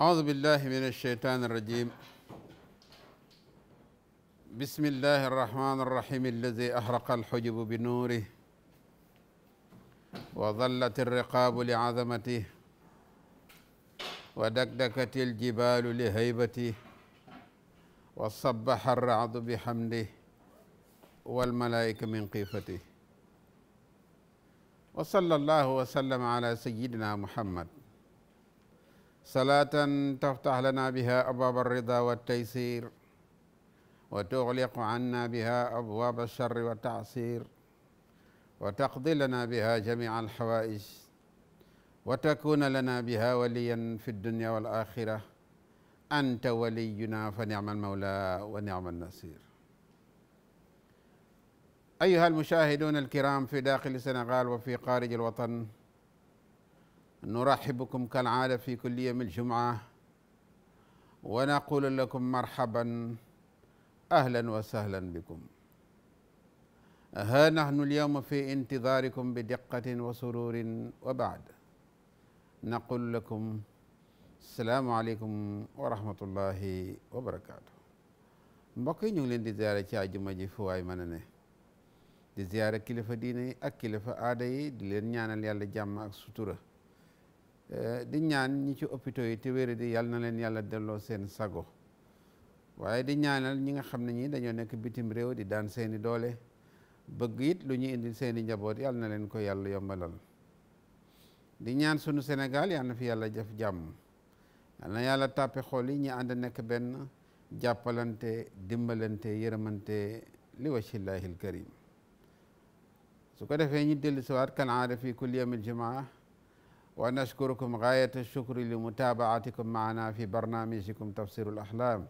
أعوذ بالله من الشيطان الرجيم بسم الله الرحمن الرحيم الذي أحرق الحجب بنوره وظلت الرقاب لعظمته ودكدكت الجبال لهيبته وصبح الرعد بحمده wal malaayika min xiifati wa sallallahu wa sallam ala sayidina muhammad salaatan taftax lana biha abwaab alrida wa taysir wa tuxliq anna biha abwaab alcharri wa tacsir wa taqdi lana biha jamica alxawaij wa takuna lana biha waliyan fi dunya wal axira anta waliyuna fa nicma almawla wa nicma alnasir أيها المشاهدون الكرام في داخل السنغال وفي خارج الوطن نرحب بكم كالعادة في كل يوم الجمعة ونقول لكم مرحبا أهلا وسهلا بكم ها نحن اليوم في انتظاركم بدقة وسرور وبعد نقول لكم السلام عليكم ورحمة الله وبركاته mbokk yi ñu ngi leen di ziare ci àjjuma ji fu waay mën a ne di ziyaara kilifa diine yi ak kilifa aada yi di leen ñaanal yàlla jàmm ak sutura eh, di ñaan ñi ci hôpitaux yi te wéri di yàlla na leen yàlla delloo seen sago waaye di ñaanal ñi nga xam ne ñi dañoo nekk bitim réew di daan seeni doole bëgg it lu ñu indil seeni njaboot yàlla na leen ko yàlla yombalal di ñaan sunu Sénégal yàlla fi yàlla def jàmm yàlla na yàlla tàppe xol yi ñi ànd nekk benn jàppalante dimbalante yërëmante li wajhillaahil karim su ko defee ñu dellu siwaat kan aada fi kulli yawm aljumaa wa nashkurukum gaayata shukri li mutabaatikum maana fi barnamijikum tafsiru alaxlam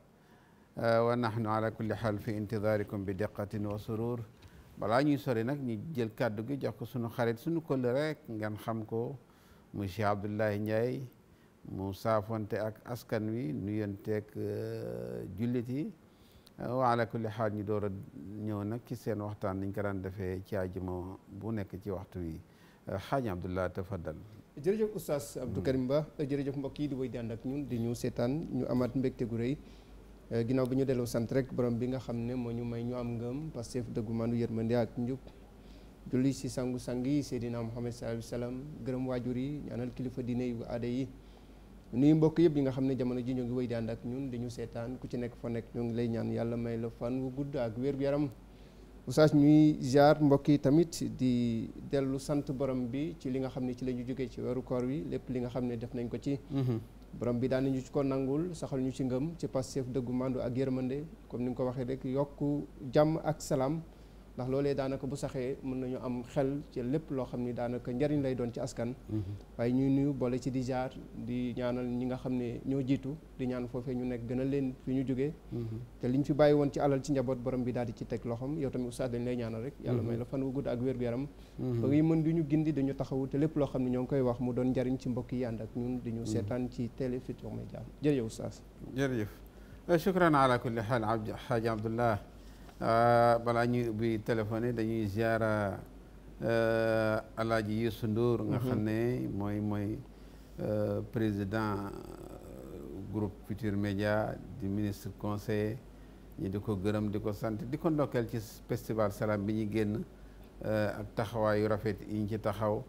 wa nahnu ala kulli xaal fi intidaarikum bi diqatin wa surur balaa ñuy sori nag ñu jël kàddu gi jox ko sunu xarit sunu këll rek ngeen xam ko muy Cheikh Abdoulaye Ndiaye mu saafonte ak askan wi nuyonteeg jullit yi wa ala kulli xaal ñu door a ñëw nag ci seen waxtaan niñ ko daan defee ci àjjuma bu nekk ci waxtu wi xaaji Abdullah tafaddal jërëjëf oustaz Abdou Karim Ba jërëjëf mbokk yi di wéy di ànd ak ñun di ñu seetaan ñu amaat mbégte gu rëy eh, ginnaaw bi ñu delloo sant rek borom bi nga xam ne moo ñu may ñu am ngëm Pastef dëggu maandu yërmande ak njub julli si sangu sang yi Seydina Muhammad sallallahu alayhi wa gërëm waajur yi ñaanal kilifa diine yu aada yi nuyu mbokk yëpp yi nga xam ne jamono ji ñoo ngi wéy di ànd ak ñun dañu seetaan ku ci nekk fa nekk ñoo ngi lay ñaan yàlla may la fan wu gudd ak wér-gu-yaram oustaz ñuy jaar mbokk yi tamit di dellu sant borom bi ci li nga xam ne ci la ñu jógee ci weeru koor wi lépp li nga xam ne def nañ ko ci mhm. borom bi daan nañu ci ko nangul saxal ñu ci ngëm ci Pastef dëggu màndu ak yërmande comme ni nga ko waxee rek yokk jàmm ak salaam ndax loolee daanaka bu saxee mën nañu am xel ci lépp loo xam ni daanaka njariñ lay doon ci askan mhm. waaye ñuy nuyu boole ci di jaar di ñaanal ñi nga xam ne ñoo jiitu di ñaan foofee ñu nekk gënal leen fi ñu jógee mhm. te ñu fi bàyyi woon ci alal ci njaboot borom bi daal di ci teg loxom yow tamit oustaz dañ lay ñaanal rek yàlla mhm. may la fan wu gudd ak wér-gu-yaram ba ngay mën di ñu gindi dañu taxawu te lépp loo xam ne ñoo ngi koy wax mu doon njariñ ci mbokk yi ànd ak di ñu seetaan ci Télé Futurs Médias jërëjëf oustaz jërëjëf shukran ala kulli haal Haji Abdullah Ah, balaa ñuy ubbi téléphoné dañuy ziara eh, alaaji Youssou Ndour nga mhm. xam ne mooy mooy eh, président eh, groupe Futur Média di ministre conseiller ñu di ko gërëm di ko sant di ko ndokkeel ci festival Salam bi ñu génn ak taxawaayu rafet yi ñu ci taxaw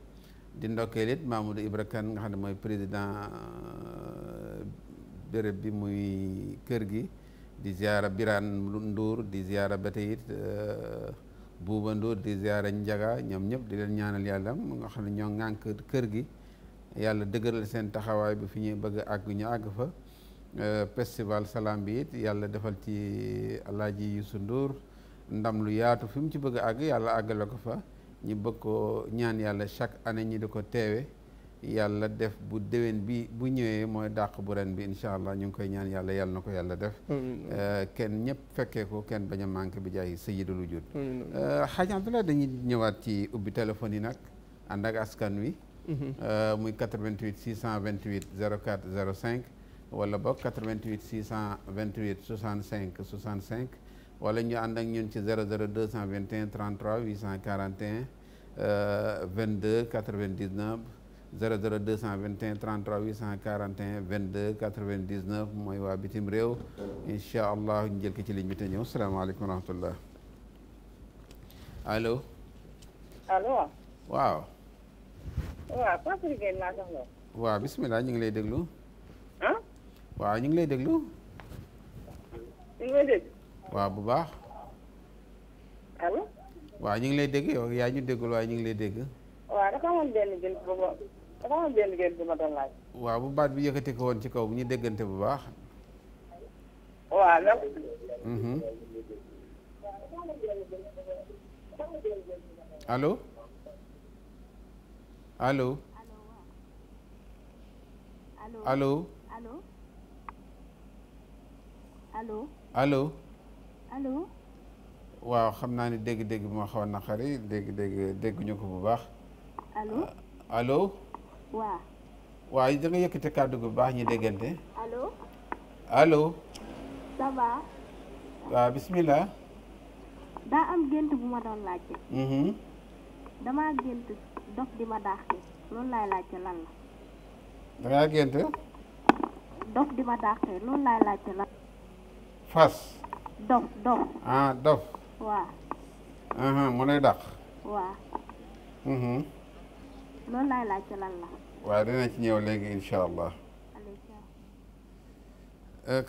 di ndokkeel it Mamadou Ibra Kane nga xam ne mooy président béréb bi muy kër gi di ziara Birane Ndour di ziara ba tey euh, it Bouba Ndour di ziara Njaga ñoom ñëpp di leen ñaanal yàlla mu nga xam ne ñoo ŋànk kër gi yàlla dëgëral seen taxawaay bi fi ñuy bëgg àgg ñu àgg fa euh, festival salaam bi yàlla defal ci ji Youssou Ndour ndam lu yaatu fi mu ci bëgg àgg yàlla àggale ko fa ñu bëgg ko ñaan yàlla chaque année ñi di ko teewe yàlla def bu déwén bi bu ñëwee mooy dàq bu ren bi incha allah ñu ngi koy ñaan yàlla yàlla na ko yàlla def euh, kenn ñëpp fekkee ko kenn bañ a manqué bi jaay sayyidul wujud euh, xaaj Abdoulaye dañuy ñëwaat ci ubbi téléphone yi nag ànd askan wi mhm. euh, muy 88 628 04 05 wala boog 88 628 65 65 wala ñu ànd ak ñun ci 00 221 33 841 22 99 00 221 33 841 22 99 mooy waa bitim réew incha allah ñu jël ko ci ligne bi te ñëw salaamaaleykum wa rahmatullah allo. allo. waaw. waaw Fatou Gueye laa soxla. waaw bisimilah ñu ngi lay déglu. ah. waaw ñu ngi lay déglu. ñu ngi lay dégg. waaw bu baax. waa waaw ñu ngi lay dégg yow yaa ñu déggul waaye ñu ngi lay dégg. dafa bu ma waaw bu baat bi yëkkati ko ci kaw bu ñu déggante bu baax. waaw nag. Mhm. allo allo allo allo allo. allo. waaw xam naa ni dégg-dégg bi ma xaw a naqari dégg-dégg dégguñu ko bu baax. allo allo. waaw. waaw da nga yëkkati kàddu gu baax ñu déggante. allo. allo. ça va. waaw bismillah. daa am gént bu ma doon laajte. Mm-hmm. damaa gént dof di ma dàqe loolu laay laajte lan la. dangaa gént. dof di ma dàqe loolu laay laajte lan. fas. dof dof. ah dof. waaw. Mm-hmm, mu lay dàq. waaw. Mm-hmm. loolu laay laajte lan la. waaw dina ci ñëw léegi incha allah.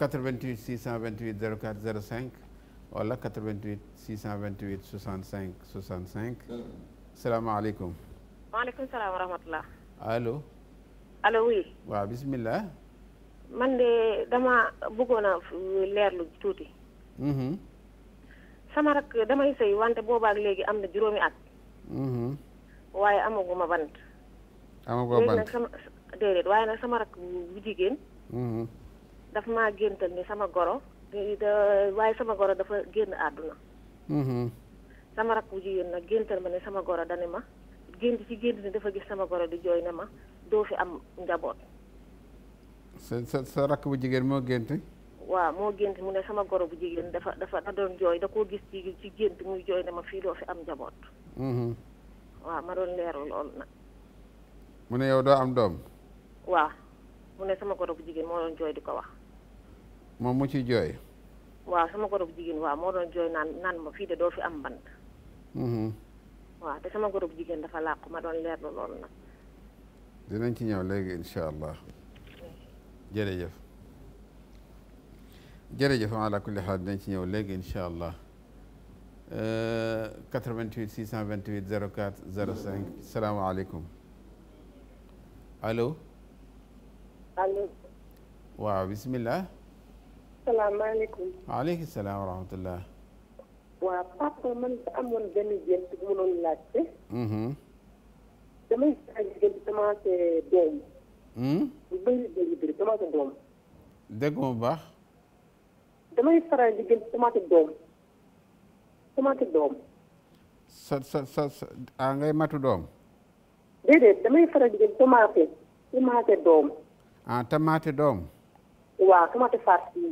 88 628 04 wala 88 628 65 65. salaamaaleykum. maaleykum salaam wa rahmatulah. allo. allo oui. waaw man de dama bëggoon leerlu tuuti. Mhm. sama rak damay sëy wante boobaak am na juróomi at. Mhm. waaye amaguma bant. amagoo nag sama déedéet waaye nag sama rakk bu jigéen. Mm-hmm. daf maa géntal ni sama goro. waaye sama goro dafa génn àdduna. Mm-hmm. sama rakk bu jigéen nag géntal ma ne sama goro dani ma gént ci gént ni dafa gis sama goro di jooy na ma doo fi am njaboot. sa sa sa rakk bu jigéen moo gént. waaw moo gént mu ne sama goro bu jigéen dafa dafa da doon jooy da koo gis ci ci gént muy jooy ne ma fii doo fi am njaboot. Mm-hmm. waaw ma doon leeru loolu nag. mu ne yow doo am doom. waaw mu ne sama goro jigéen moo doon jooy di ko wax. moom mu ci jooy. waaw sama goro jigéen moo doon jooy naan ma fii de doo fi am mbant. Mm-hmm. waaw te sama goro jigéen dafa làqu ma doon leerlu loolu nag. dinañ ci ñëw léegi incha allah jërëjëf jërëjëf ala kulli xaal dinañ ci ñëw léegi incha allah 88 628 04 05 salaamaaleykum. allo. allo. waaw bisimilah. salaamaaleykum. waaleykum salaam wa rahmatullah. waaw papa man da amoon benn gént bu ma doon laajte. Mhm. damay saa gént commencé doom. bu hmm? bëri bëri bëri commencé doom. dégg nga bu baax. damay faral di doom. commencé doom. sa sa sa sa ah, ngay matu doom. déedéet damay faral di gént tomaate doom ah doom waaw tomaate farci bu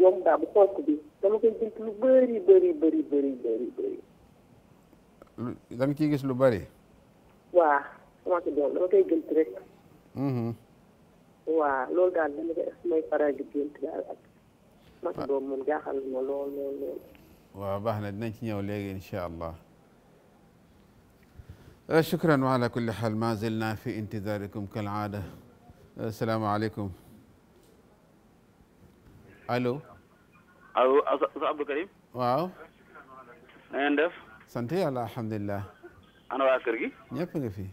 xonk bi dama koy lu bëri bëri bëri bëri bëri bëri da ciy gis lu bari waaw tomaate doom dama koy rek mm-hmm. waaw loolu daal dama koy may lool lool lool waaw baax na dinañ ci ñëw léegi incha allah eh, shukran ma zilna fi intidarikum kal aada asalaamaaleykum allo. allo Oustaz Abdou Karim. waaw. na ngeen def. sant yàlla alhamdulilah. ana waa kër gi. ñëpp nga fi.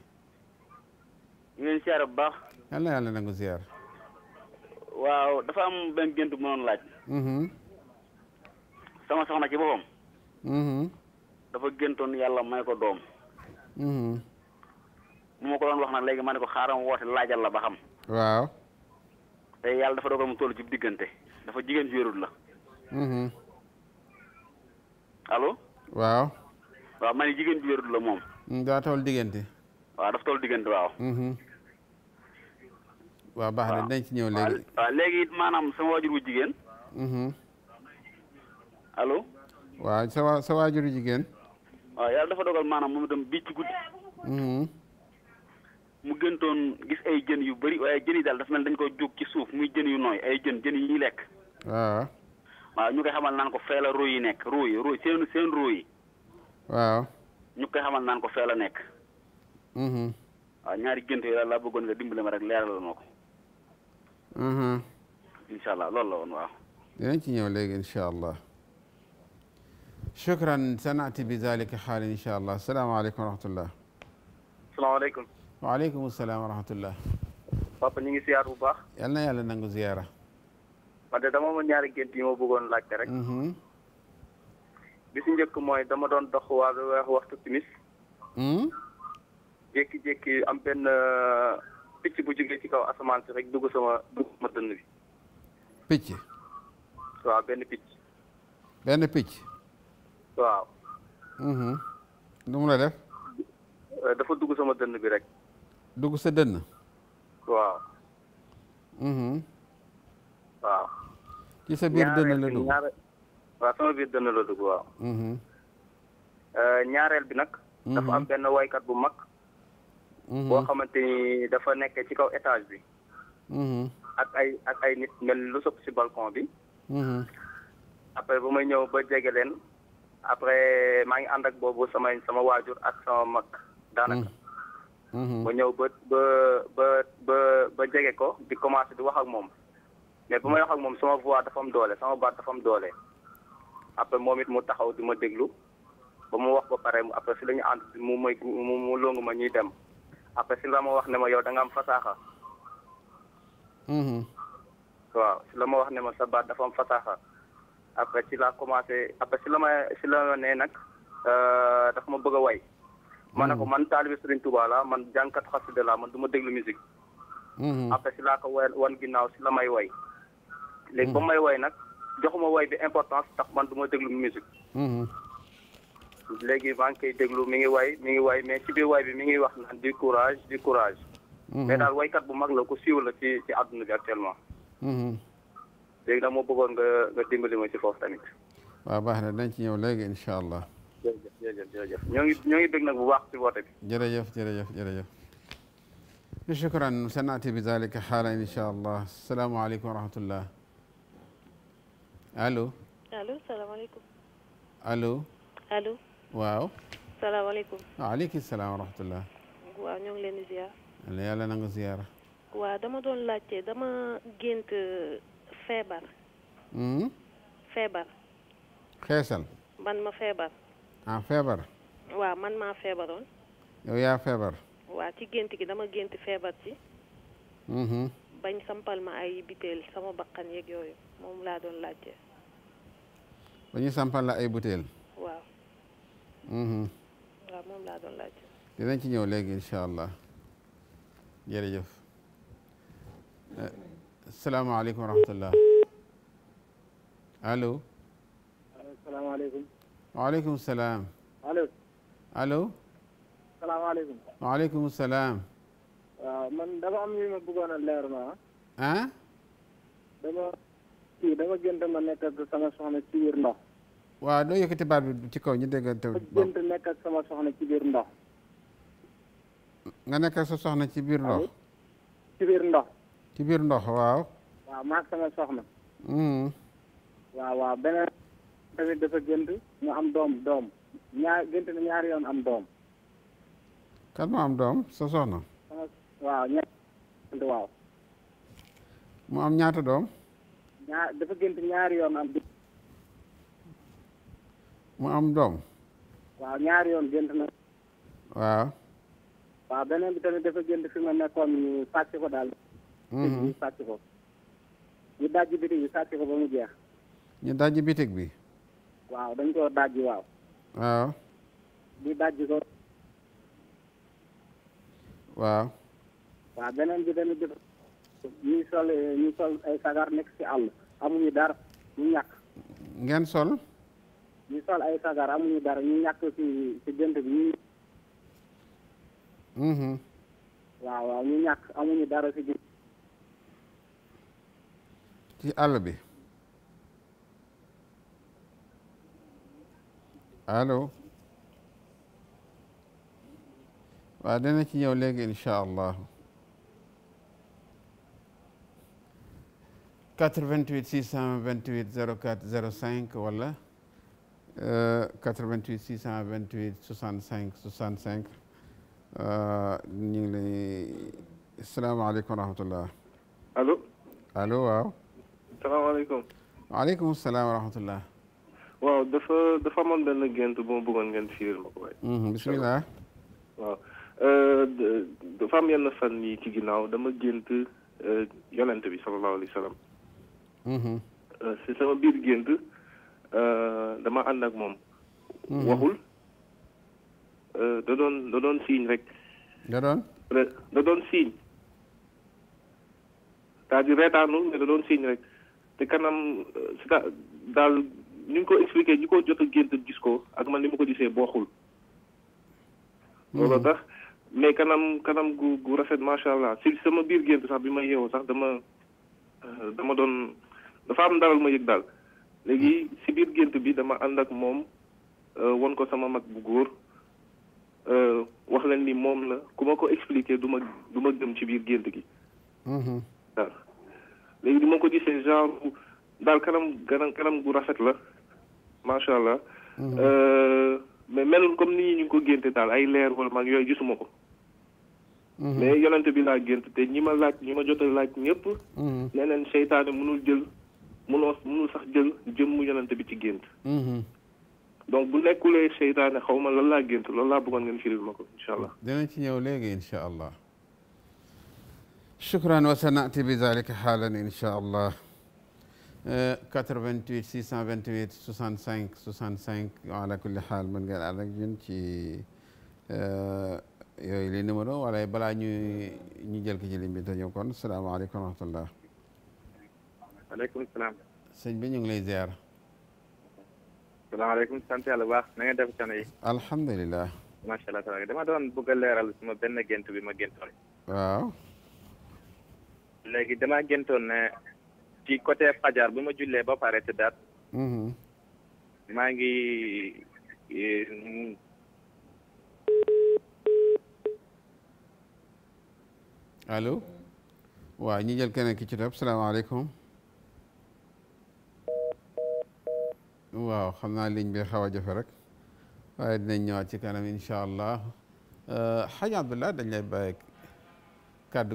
ñu leen siyaare bu baax. yàlla yàlla nangu siyaar. waaw dafa am benn gént bu mënoon laaj. Mm-hmm. sama soxna ci boppam. Mm-hmm. dafa géntoon yàlla may ko doom. Mm-hmm. mu ma ko doon wax nag léegi ma ne ko xaaram woote laajal la ba xam. waaw te yàlla dafa dogal mu toll ci diggante dafa jigéen ju wérul la mm-hmm. allo waaw waaw ma ne jigéen ju wérul la moom mm, daa toll diggante waa dafa toll diggante waaw mm-hmm. waaw baax na dañ ci ñëw léegi waaw léegi it maanaam sama waajur wu jigéen mm-hmm. allo waaw sa waa sa waajur wu jigéen waaw yàlla dafa dogal maanaam moom itam bii ci guddi mu gëntoon gis ay jën yu bari waaye jën yi daal daf mel dañ ko jóg ci suuf muy jën yu nooy ay jën jën yi ñuy lekk waaw ñu koy xamal naan ko fee la ruu nekk ruu yi ruu seen seen waaw ñu koy xamal naan ko fee la nekk mm-hmm. waaw ñaari gént yi daal laa bëggoon nga dimbale ma rek leeralal ma ko mm-hmm. incha allah loolu la woon waaw dinañ ci ñëw léegi incha allah shukran sanaati bi zalika xaal incha allah salaamaaleykum wa rahmatullah salaamaaleykum waaleykum salaam wa rahmatullah papa ñu ngi ziar bu baax. yal na yàlla nangu ziara. man de dama ma ñaari gént yi ma bëggoon laajte rek. Mm-hmm. bi si njëkk mooy dama doon dox wàllu waxtu timis. Mm-hmm. jékki-jékki am benn uh, picc bu jógee ci kaw asamaan si rek dugg sama dugg sama dënn bi. picc. waaw benn picc. benn picc. waaw. Mm-hmm. nu mu la def. Uh, dafa dugg sama dënn bi rek. dugg sa dënn. waaw. Mm-hmm. waaw. ci sa biir dënn la dugg ñaareel waaw mm-hmm. euh, ñaareel bi nag. Mm-hmm. dafa am benn woykat bu mag. boo xamante ni dafa nekk ci kaw étage bi. ak ay ak ay nit mel lu sëpp si balcon bi. après bu may ñëw ba jege leen après maa ngi ànd ak boobu sama sama waajur ak sama mag daanaka. ma mm-hmm. ñëw ba ba ba ba ba jege ko di commencé di wax ak moom mais bu may wax ak moom sama voix dafa am doole sama baat dafa am doole après moom it mu taxaw di ma déglu ba mu wax ba pare après si la ñu ànd may mu mu ma ñuy dem après la ma wax ne ma yow da am fasaaxa. Mm-hmm. la ma wax ne ma sa baat dafa am fasaaxa après si la commencé après si la ma si la ne nag euh, dafa ma bëgg a way. ma ne ko hmm. man taalibe Serigne Touba la man jànkat de la man du ma déglu musique. Hmm. après si laa ko woyal wan ginnaaw si la may woy. léegi ba hmm. may woy nag joxuma woy bi importance tax man du déglu musique. léegi maa ngi koy déglu mi ngi way mi ngi way mais ci biir way bi mi ngi wax naan di courage di courage. mais daal waykat bu mag la ku siiw la ci ci àdduna bi actuellement. léegi nag moo bëggoon nga nga dimbali ma si foofu tamit. waaw baax na dañ ci ñëw léegi incha allah. jërëjëf jërëjëf jërëjëf ñoo ngi ñoo ngi bëgg nag bu baax ci woote bi. jërëjëf jërëjëf jërëjëf. shukran sanaati bi zalika xaala incha allah salaamaaleykum wa rahmatullah. allo. allo salaamaaleykum. allo. allo. waaw. salaamaaleykum. waaleykum salaam wa rahmatullah. waaw ñoo ngi leen di ziar. yàlla na nga ziara. waaw dama doon laajte dama gént euh, feebar. Hmm? feebar. xeesal. man ma feebar. ah feebar. waaw man maa feebaroon. yow yaa feebar. waaw ci gént gi dama gént feebar ci. Mm-hmm. bañ sampal ma ay butéel sama bakkan yeeg yooyu moom laa doon laajte. ba sampal la ay butéel. Mm-hmm. waaw. moom laa doon laajte. dinañ ci ñëw léegi incha allah jërëjëf. Eh, salaamaaleykum wa rahmatullah allo. salaamaaleykum. waaleykum salaam. allo. allo. salaamaaleykum. waaleykum salaam. man dafa am yu ma bëggoon a leer ma ah. dama kii dama ma nekk ak sama soxna ci biir ndox. waaw doo yëkkati baat bi ci kaw ñi dégg taw. ma gënt nekk ak sama soxna ci biir ndox. nga nekk sa soxna ci biir ndox. ci biir ndox. ci biir ndox waaw. waaw maak sama soxna. Hmm. waaw waaw beneen tamit dafa gënt. mu am doom doom ñaar gënt na ñaari yoon am doom. kan mu am doom sa soxna. waaw ñaar ñaata doom. ñaar dafa gënt ñaari yoon am. mu am doom. waaw ñaari yoon gënt na. waaw. waaw beneen bi tamit dafa gënt fi ma nekkoon ñu sàcc ko daal. Mhm. ñu sàcc ko. ñu dajji bitig bi sàcc ko ba mu jeex. ñu dajji bitig bi. waaw dañ koo dajji waaw. waaw. di dajji ko. waaw. waaw beneen bi tamit ñuy sol ñuy sol ay sagar nekk ci àll amuñu dara ñu ñàkk. ngeen sol. ñu sol ay sagar amuñu dara ñu ñàkk ci ci bi ñu. Mm-hmm. waaw waaw ñu ñàkk amuñu dara ci jënd. ci àll bi. allo waaw dana ci ñëw léegi incha allah 88 628 04 05 wala 88 628 65 65 ñu ngi lay salaamaaleykum wa rahmatullah allo allo waaw salaamaaleykum waaleykum salaam wa rahmatullah waaw dafa dafa amoon benn gént bu ma bëggoon ngeen firil ma ko waaye. Mhm, bisimilah. waaw euh, dafa am yenn fan yi ci ginnaaw dama gént euh, yonent bi sallallahu alayhi mhm. euh, si sama biir gént dama ànd ak moom. Mhm. waxul da doon da doon siiñ rek. da doon. da doon siiñ. c'est-à-dire reetaanul da doon siiñ rek te kanam si daal. ñu ngi ko expliqué ñi ko jot a gént gis ko ak man li ma ko gisee bokkul. loolu tax mais kanam kanam gu gu rafet macha allah si sama biir gént sax bi ma yeewoo sax dama euh, dama doon dafa am daral ma yëg daal léegi si biir gént bi dama ànd ak moom euh, won ko sama mag bu góor euh, wax leen ni moom la ku ma ko expliqué du ma du ma gëm ci biir gént gi. Mm-hmm. waaw léegi di ma ko gisee genre daal kanam kanam kanam gu rafet la. macha allah. Mhm. Euh, mais melul comme nit ñi ñu ngi ko génte daal ay leer wala mag yooyu gisuma ko. Mhm. mais yonent bi laa gént te ñi ma laaj ñi ma jot a laaj ñëpp. Mhm. leneen seytaane mënul jël mënoo mënul sax jël jëmmu yonent bi ci gént. donc bu nekkulee seytaane xaw ma lan laa gént loolu laa bëggoon ngeen firil ma ko incha allah. dinañ ci ñëw léegi incha allah. shukran wa sanati bi zalika xaalan incha 88 628 65 65 ala kulli xaal mën ngeen ànd ak ñun ci eh, yooyu li numéro wala balaa ñu ñu jël ko ci ligne bi te ñëw kon salaamaaleykum wa rahmatullah. waaleykum salaam. sëñ bi ñu ngi lay ziar. salaamaaleykum sant yàlla bu baax na ngeen def coono yi. alhamdulilah. macha allah tabaaraka dama doon bëgg a leeral suma benn gént bi ma géntoon. waaw. léegi damaa géntoon ne. ci côté fajar bu ma jullee ba pare te daat mm-hmm. maa ngi eh, allo waaw ñi jël keneen ki ci topp salaamaaleykum waaw xam naa ligne bi xaw a jafe rek waaye dinañ ñëwaat ci kanam incha allah eh, xaj Abdullah dañ lay bàyyi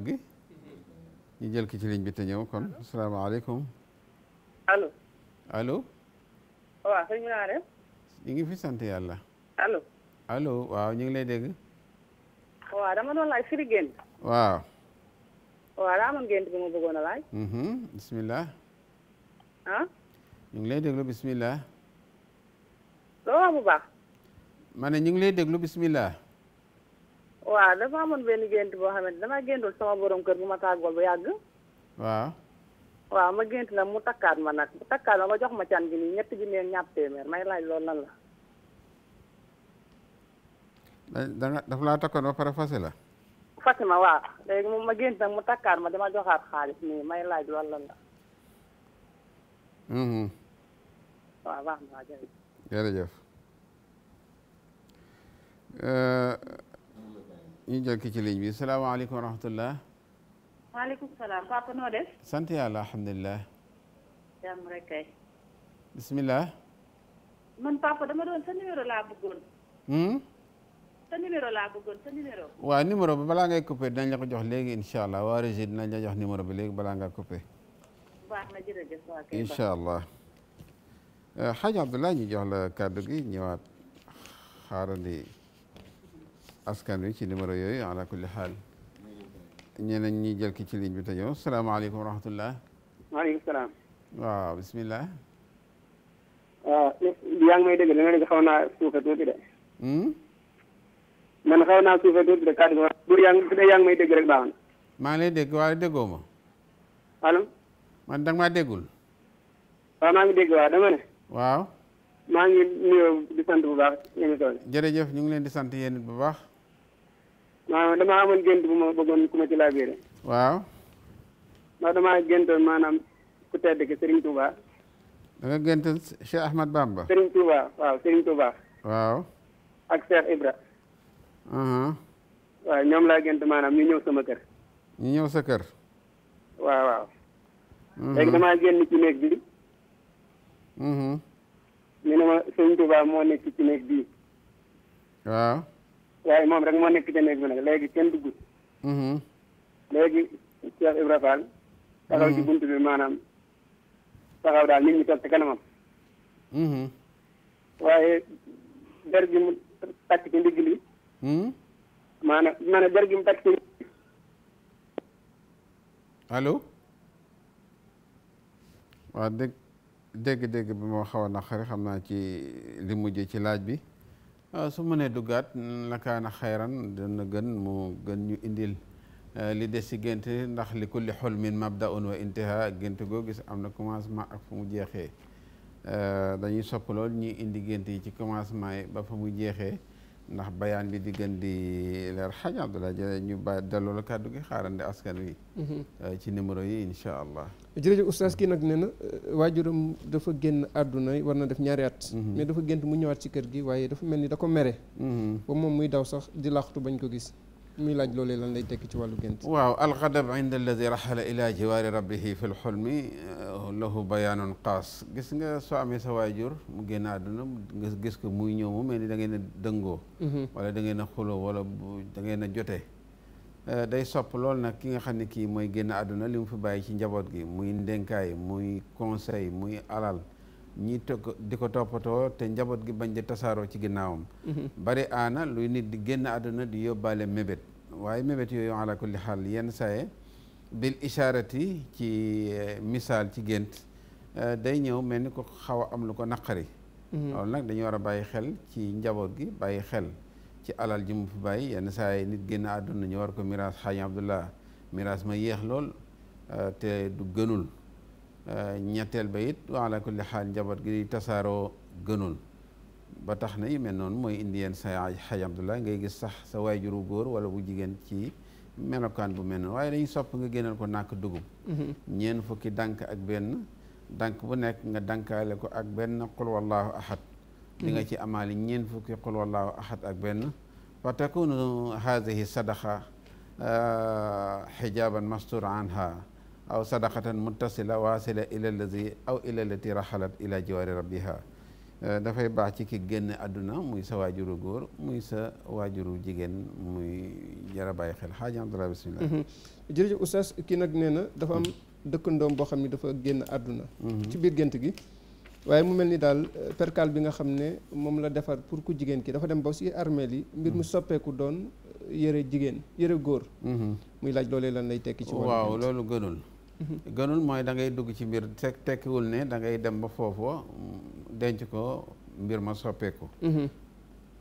gi ñu jël ki ci ligne bi te ñëw kon asalaamaaleykum. allo. allo. naa def. ñu ngi fi sant yàlla. allo. allo waaw ñu ngi lay dégg. waaw dama doon laaj firi gént. waaw. waaw daa amoon gént bi ma bëggoon a laaj. Mm-hmm, bisimilah. Ah? ñu ngi lay déglu bisimilah. loo wax bu ne ñu ngi lay déglu bisimilah. waaw dafa amoon benn gént boo xamante dama géntul sama borom kër bu ma tàggool bu yàgg. waaw. waaw ma gént nag mu takkaat ma nag mu takkaat ma ba jox ma can gi nii ñett gi neen ñaar téeméer may laaj loolu lan la. Eh, da nga dafa laa takkoon ba pare fase la. fase ma waaw léegi mu ma gént nag mu takkaat ma dama joxaat xaalis nii may laaj loolu lan la. Mm-hmm. waaw baax na jërëjëf. jërëjëf. Eh, ñu jël ki ci ligne bi salaamaaleykum wa salaam papa noo def. sant yàlla alhamdulilah. jàmm rek bisimilah. man papa dama doon sa numéro laa bëggoon. Hmm? sa numéro laa bëggoon sa numéro. waaw numéro bi balaa ngay coupé dinañ la ko jox léegi incha allah waa régie dinañ jox numéro bi léegi balaa ngaa coupé. baax na jërëjëf euh, jox la kàddu gi ñëwaat xaarandi. askan wi ci numéro yooyu ala kulli xaal ñeneen ñi jël ki ci ligne bi te yow salaamaaleykum wa rahmatullah maaleykum waaw bismillah waaw ah, ngi may dégg da nga ne xaw naa suufe tuuti de hmm? man xaw ma allo man danga maa déggul waaw maa ngi dégg waaw dama ne waaw maa ngi nuyoo sant bu baax ñu ngi leen di sant yéen bu baax maanaam damaa amoon gént bu ma bëggoon ku ma ci laabiré. waaw. ndax dama géntoon maanaam ku tedd ki Serigne Touba. da nga gént Cheikh Ahmad Bamba. Serigne Touba waaw Serigne Touba. waaw. ak Cheikh Ibra. Uh-huh. waaw ñoom laa gént maanaam ñu ñëw sama kër. ñëw sa kër. waaw waaw. Uh-huh. léegi damaa génn ci néeg bi. Uh-huh. ñu ne ma Serigne Touba moo nekk ci néeg bii. waaw. waaye moom rek moo nekk ci néeg léegi kenn duggut mhm. léegi Cheikh Ibra Fall taxaw ci mhm. bunt bi maanaam taxaw daal nit ñi toog ci kanamam mhm. waaye der mu tàkk ci ndigg li maanaam maanaam der gi mu tàkk ci allo waaw dégg dégg dégg bi moo xaw a naqari xam naa ci li mujj ci laaj bi Euh, su mënee duggaat la kaana xayran dana gën mu gën ñu indil euh, li des ci gént ndax li kulli xulmin mabdaun wa intiha gént goo gis am na commencement ak fu mu jeexee euh, dañuy sopp lool ñuy indi gént yi ci commencement yi ba fa mu jeexee ndax bayaan bi di gën di leer xaj Abdoulaye Jalle ñu ba delloo la kàddu gi xaarandi askan wi. Mm-hmm. Eh, ci numéro yi incha allah. jërëjëf oustaz ki nag nee na eh, waajuram dafa génn àdduna war na def ñaari at. Mm-hmm. mais dafa gént mu ñëwaat ci kër gi waaye dafa mel ni da ko mere. Mm-hmm. ba moom muy daw sax di laaxtu bañ ko gis. muy laaj loolee lan lay tekki ci wàllu gént. waaw alxadab inda alladi raxala ila jiwaari rabbihi fi lxulmi lahu bayaanun xaas gis nga soo amee sa waajur mu génn àdduna nga gis ko muy ñëw mu mel ni da ngeen dëngoo wala da na a xuloo wala da ngeen a jotee eh, day sopp lool nag ki nga xam ne kii mooy génn àdduna li mu fi bàyyi ci njaboot gi muy ndenkaay muy conseil muy alal ñi togg di ko toppatoo te njaboot gi bañ di tasaaroo ci ginnaawam mhm. bari aana luy nit di génn àdduna di yóbbaale mébét waaye mébét yooyu ala kulli xaal yenn saye bil ishaarati ci eh, misaal ci gént eh, day ñëw mel ni ko xaw a am lu ko naqari mhm. loolu nag dañu war a bàyyi xel ci njaboot gi bàyyi xel ci alal ji mu fi bàyyi yenn saa yi nit génn àdduna ñu war ko miraas xaañ abdullah miraas ma yéex lool eh, te du gënul ñetteel ba it ala kulli xaal njaboot gi tasaaroo gënul ba tax na yu mel noonu mooy indi yenn saa yi xaañ abdullah ngay gis sax sa waajuru góor wala bu jigéen ci melokaan bu mel noonu waaye dañuy sopp nga génneel ko nàkk dugub mm-hmm. ñeen fukki dànk ak benn dànk bu nekk nga dànkaale ko ak benn qul wallahu ahad di nga mm-hmm. ci amaali ñeen fukki qul wallahu ahad ak benn fa takunu haadihi sadaqa uh, xijaaban mastura anha aw sadaqatan muttasila wasila ila allazi aw ila allati raxalat ila jiwaari rabbiha Euh, dafay baax ci ki génn àdduna muy sa waajuru góor muy sa waajuru jigéen muy jara bàyyi xel xaaji Abdallah bismillah mhm. jërëjëf oustaz kii nag nee na dafa am dëkkandoom boo xam ni dafa génn àdduna mhm. ci biir gént gi waaye mu mel ni daal euh, percal bi nga xam ne moom la defar pour ku jigéen ki dafa dem ba si armeel yi mhm. mbir mu soppeeku doon yére jigéen yére góor muy laaj loolee lan lay tekki ci waaw loolu gënul gënul mooy da ngay dugg ci mbir te tekkiwul ne dangay dem ba foofu denc ko mbir ma soppeeku mhm.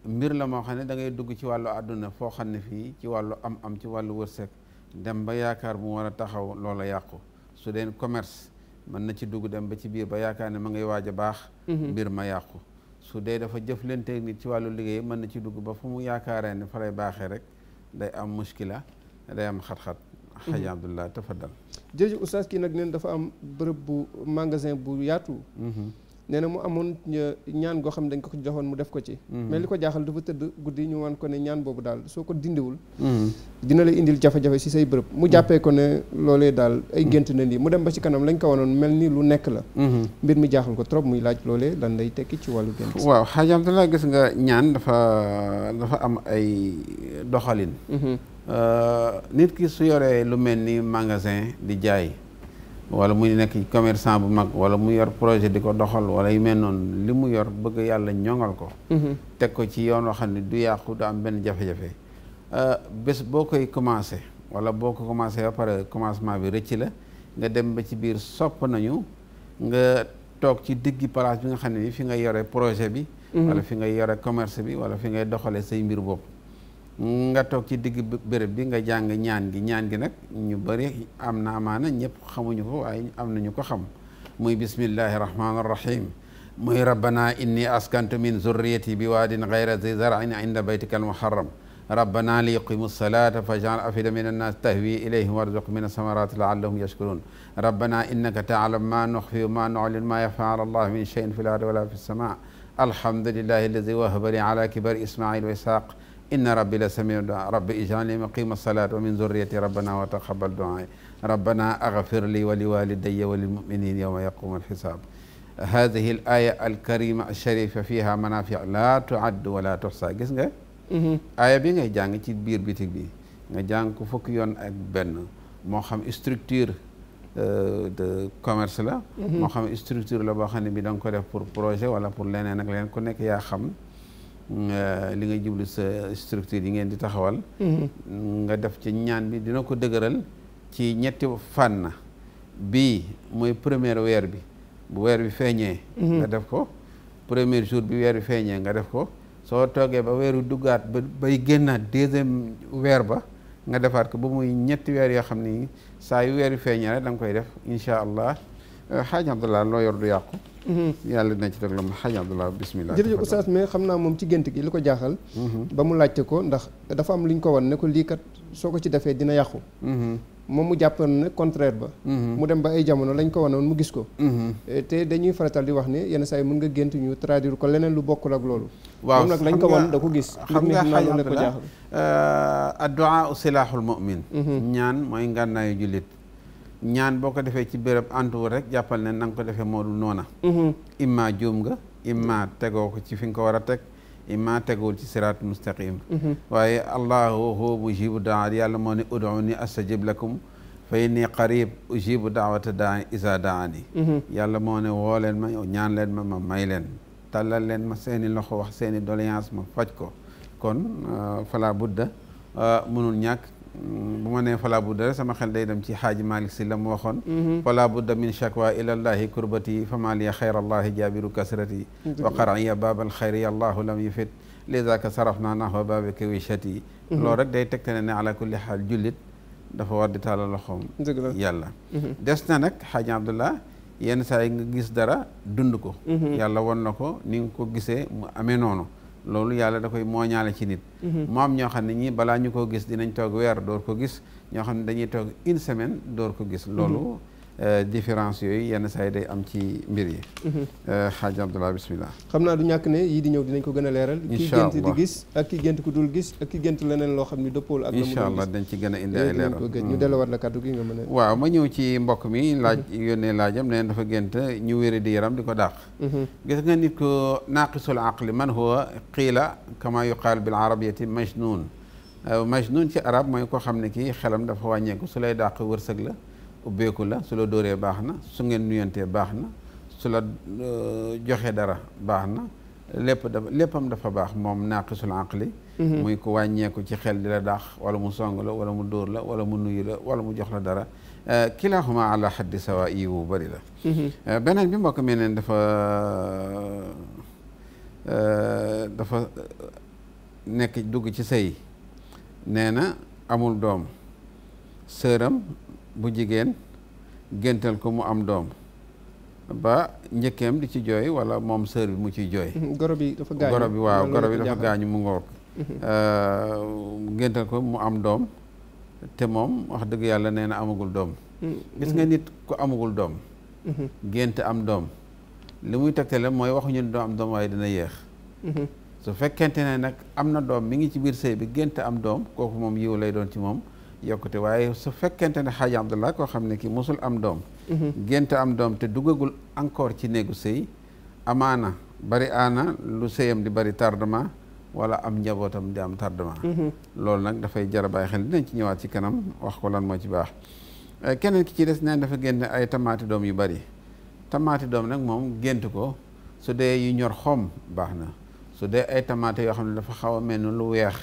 mbir la moo xam ne da ngay dugg ci wàllu àdduna foo xam ne fii ci wàllu am-am ci wàllu wërsëg dem ba yaakaar mu war a taxaw loola yàqu su deen commerce mën na ci dugg dem ba ci biir ba yaakaar ne ma ngay waaj a baax mhm. mbir ma yàqu su dee dafa jëflanteeg nit ci wàllu liggéey mën na ci dugg ba fu mu yaakaaree ne fa lay baaxee rek day am muskila day am xat-xat mhm. xaji abdullah tafadal jërëjëf oustaz kii nag neen dafa am bërëb nee na mu amoon e, ñaan goo xam ne dañ ko ko joxoon mu def ko ci mm-hmm. mais li ko jaaxal dafa tëdd guddi ñu wan ko ne ñaan boobu daal soo ko dindiwul mm-hmm. dina la indil jafe-jafe si say bërëb mu mm-hmm. jàppee ko ne loolee daal ay gént na lii mu dem ba ci kanam lañ ko wanoon mel ni lu nekk la mbir mi jaaxal ko trop muy laaj loolee lan lay tekki ci wàllu gént waaw xaaj laa gis nga ñaan dafa dafa am ay doxalin euh, nit ki su yoree lu mel ni magasin di jaay wala muy nekk commerçant bu mag wala mu yor projet di ko doxal wala yu mel noonu li mu yor bëgg yàlla ñoŋal ko mm-hmm. teg ko ci yoon waxam ne du yàqu du am benn jafe-jafe euh, bés boo koy commencé wala boo ko commencé ba pare commencement bi rëcc la nga dem ba ci biir sopp nañu nga toog ci diggi place bi nga xam ne fi nga yore projet bi mm-hmm. wala fi nga yore commerce bi wala fi ngay doxalee say mbir bopp nga toog ci digg béréb bi nga jàng ñaan gi ñaan gi nag ñu bëri am na amaana ñëpp xamuñu ko waaye am nañu ko xam muy bismillahi rahmaani rahim muy rabbana inni askantu min zurriyati bi waadin gayra zi zarin inda baytika almuharram rabbana li yuqimu salata fajal afida min annas tahwi ilayhim warzuq min asamarati laallahum yashkurun rabbana innaka taalam ma nuxfi ma nuclin ma yafaal allah min cheyin fi l ardi wala fi lsama alhamdulillahi alladi wahaba li ala kibari ismail wa ishaq inna rabbi la samiu duaa rabbi ij'alni muqima salaat wa min zurriyati rabbana wa taqabbal duaa rabbana aghfir li wa li walidayya wa lil mu'minin yawma yaqumu alxisaab hadihi al aya al karima alsharifa fiha manafi la tuadd wala tuxsa gis nga aaya mm-hmm. bi ngay jàng ci biir bitig bi nga jàng ko fukki yoon ak benn moo xam structure euh, de commerce la mm-hmm. moo xam structure la boo xam ne bi da nga ko def pour projet wala pour leneen ak leneen ku nekk yaa xam Euh, li nga jublu sa structure yi ngeen di taxawal mhm. nga def ci ñaan bi dina ko dëgëral ci ñetti fànn bi mooy première weer bi bu weer bi feeñee mhm. nga def ko première jour bi weer bi feeñee nga def ko soo toogee ba weeru duggaat ba bay génnaat deuxième weer ba nga defaat ko ba muy ñetti weer yoo xam ni saa yu weer yu feeñee rek da nga koy def incha allah euh, xaaj Abdallah loo yor du yàqu yàlla dina ci def la mu xaj Abdoulaye bisimilah. jërëjëf oustaz mais xam naa moom ci gént gi li ko jaaxal. Mhm. ba mu laajte ko ndax dafa am lu ko wan ne ko lii kat soo ko ci defee dina yàqu. Mhm. moom mu jàppoon ne contraire ba. Mhm. mu dem ba ay jamono lañ ko wanoon mu gis ko. Eh, te dañuy faratal di wax ne yenn saa yi mën nga gént ñu traduire ko leneen lu bokkul ak loolu. waaw nag lañ ko wan da ko gis. xam nga xaj Abdoulaye euh, addu'a silaaxul mu'min ñaan mooy ngànnaayu jullit. ñaan boo ko defee ci béréb antuwul rek jàppal ne na ko defee moo dul noona mm-hmm. imma juum nga imma tegoo ko ci fi nga ko war a teg imma tegul ci siraat mustaqim mm-hmm. waaye allahu huwa mujibu daat yàlla moo ne ud'uni astajib lakum fa inni qarib ujibu daawata daa isa daani mm-hmm. yàlla moo ne woo leen ma ñaan leen ma ma may leen tàllal leen ma seeni loxo wax seeni doléance ma faj ko kon euh, fala budda euh, mënul ñàkk bu ma nee fala budda sama xel day dem ci xaaji Malick si la mu waxoon mhm. fala budda min shakwa ilallahi kurbati fa maaliya xayrallahi jaabiru kasrati wa qaraiya baabal xayri allahu lam yufit lizaaka sarafna nahwa baabika wishati mhm. loolu rek day tegtale ne ala kulli xaal jullit dafa war di loxoom yàlla mhm. des na nag xaaji Abdullah gis dara dund ko yàlla won na ko ni ko gisee mu amee noonu loolu yàlla da koy mooñaale ci nit moom ñoo xam ne ñii balaa ñu ko gis dinañ toog weer door ko gis ñoo xam ne dañuy toog une semaine door ko gis mhm. loolu Euh, différence yooyu yenn sayde am ci mbir yi. Mhm. Euh, xaaja Abdullah bismillah. xam naa du ñàkk ne yii di ñëw dinañ ko gën a leeral. incha kii gént di gis ak kii gént ku dul gis ak ki gént leneen loo xam ni dëppool ak. la mu gis dañ ci gën a indi ay leeral ñu mm. delluwaat la kàddu gi nga mën a. waaw ma ñëw ci mbokk mi mhm. laaj yónnee laajam neen dafa gént ñu wéré di yaram di ko dàq. Mhm. gis nga nit ko naaqisul aqli man huwa qiila kama yuqaal bil arabiyati majnun majnun ci arab mooy koo xam ne kii xelam dafa wàññeeku su lay dàq wërsëg la ubbeeku la su la dóoree baax na su ngeen nuyantee baax na su la euh, joxee dara baax na lépp dafa léppam dafa baax moom naaqisul aqli mhm. muy ko wàññeeku ci xel di la daax wala mu song la wala mu dóor la wala mu nuyu la wala mu jox la dara euh, kilaaxuma ala xaddi sawa yi wu bëri la mhm. euh, beneen bi mbokk mi neen dafa dafa nekk dugg ci sëy nee na amul doom sëram bu jigéen géntal ko mu am doom ba njëkkeem di ci jooy wala moom sër bi mu ciy jooy goro yi dafa gaañu goro bi waaw goro bi dafa gaañu mu ngoog euh, géntal ko mu am doom te moom wax dëgg yàlla nee na amagul doom mm-hmm. gis nga nit ku amagul doom mm-hmm. génte am doom li muy tegtale mooy waxuñu doo am doom waaye dina yéex mm-hmm. su fekkente ne nag am na doom mi ngi ci biir sëy bi gént am doom kooku moom yiw lay doon ci moom yokkute waaye su fekkente ne xaaja Abdullah koo xam ne ki mosul am doom mhm. génte am doom te duggagul encore ci néegu sëy amaana bari aana lu sëyam di bari tardement wala am njabootam di am tardement mhm. loolu nag dafay jar a bàyyi xel dinañ ci ñëwaat ci kanam wax ko lan moo ci baax eh, keneen ki ci des neen dafa génn ay tamaati doom yu bari tamaati doom nag moom gént ko su dee yu ñor xom baax na su dee ay tamaate yoo xam ne dafa xaw a mel ni lu weex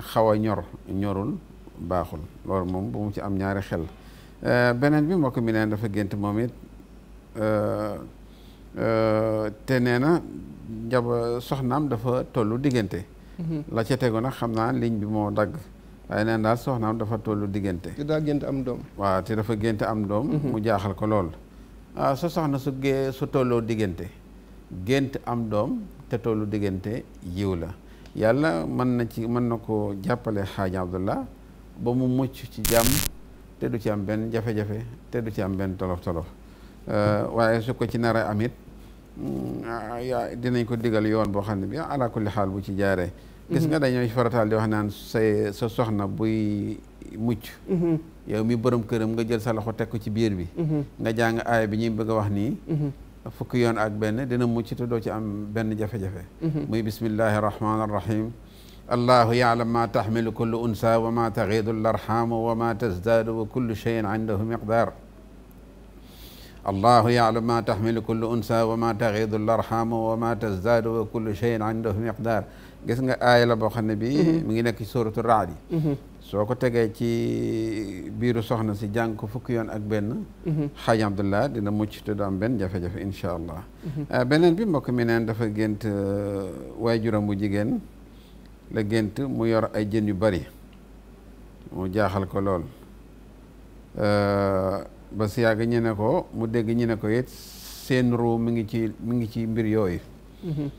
xaw a ñor ñorul baaxul loolu moom bu mu ci am ñaari xel euh, beneen bi mbokk mi neen dafa gént moom it euh, euh, te nee na jaba soxnaam dafa tollu diggante mhm. la ca tegu nag xam naa ligne bi moo dagg waaye neen daal soxnaam dafa tollu diggante te daa gént am doom waaw te dafa gént am doom mhm. mu jaaxal ko lool ah su soxna su gee su tolloo diggante gént am doom te tollu diggante yiw la yàlla mën na ci mën na ko jàppale xaaja abdullah ba mu mucc ci jàmm te du ci am benn jafe-jafe te du ci am benn tolof-tolof euh, waaye su ko ci nara a am it mm, dinañ ko digal yoon boo xam ne bi ala kulli xaal bu ci jaaree. Mm-hmm. gis nga dañooy farataal di wax naan say sa soxna buy mucc. Mm-hmm. yow mi borom këram nga jël sa loxo teg ko ci biir bi. Mm-hmm. nga jàng aaya bi ñuy bëgg a wax nii. fukki yoon ak benn dina mucc te doo ci am benn jafe-jafe. muy bismillahi rahmaani rahim. allahu yaalam ma taxmilu kullu unsa wa ma taxiidu larxaamu wa ma tazdaadu wa kullu cheyin indahu miqdaar allahu yaalam ma taxmilu kullu unsa wa ma taxiidu larxaamu wa ma tazdaadu wa kullu cheyin indahu miqdaar gis nga aaya la boo xam ne bii mu mhm. ngi nekk ci sóoratu raad yi mhm. soo ko tegee ci biiru soxna si jàng ko fukki yoon ak benn mhm. xaaj abdullah dina mucc te du am benn jafe-jafe incha allah euh, beneen bi mbokk mi neen dafa gént euh, waajuram bu jigéen la gént mu yor ay jën yu bari mu jaaxal ko lool ba si yàgg ñu ne ko mu dégg ñu ne ko it seen ruu mi ngi ci mi ngi ci mbir yooyu mm-hmm.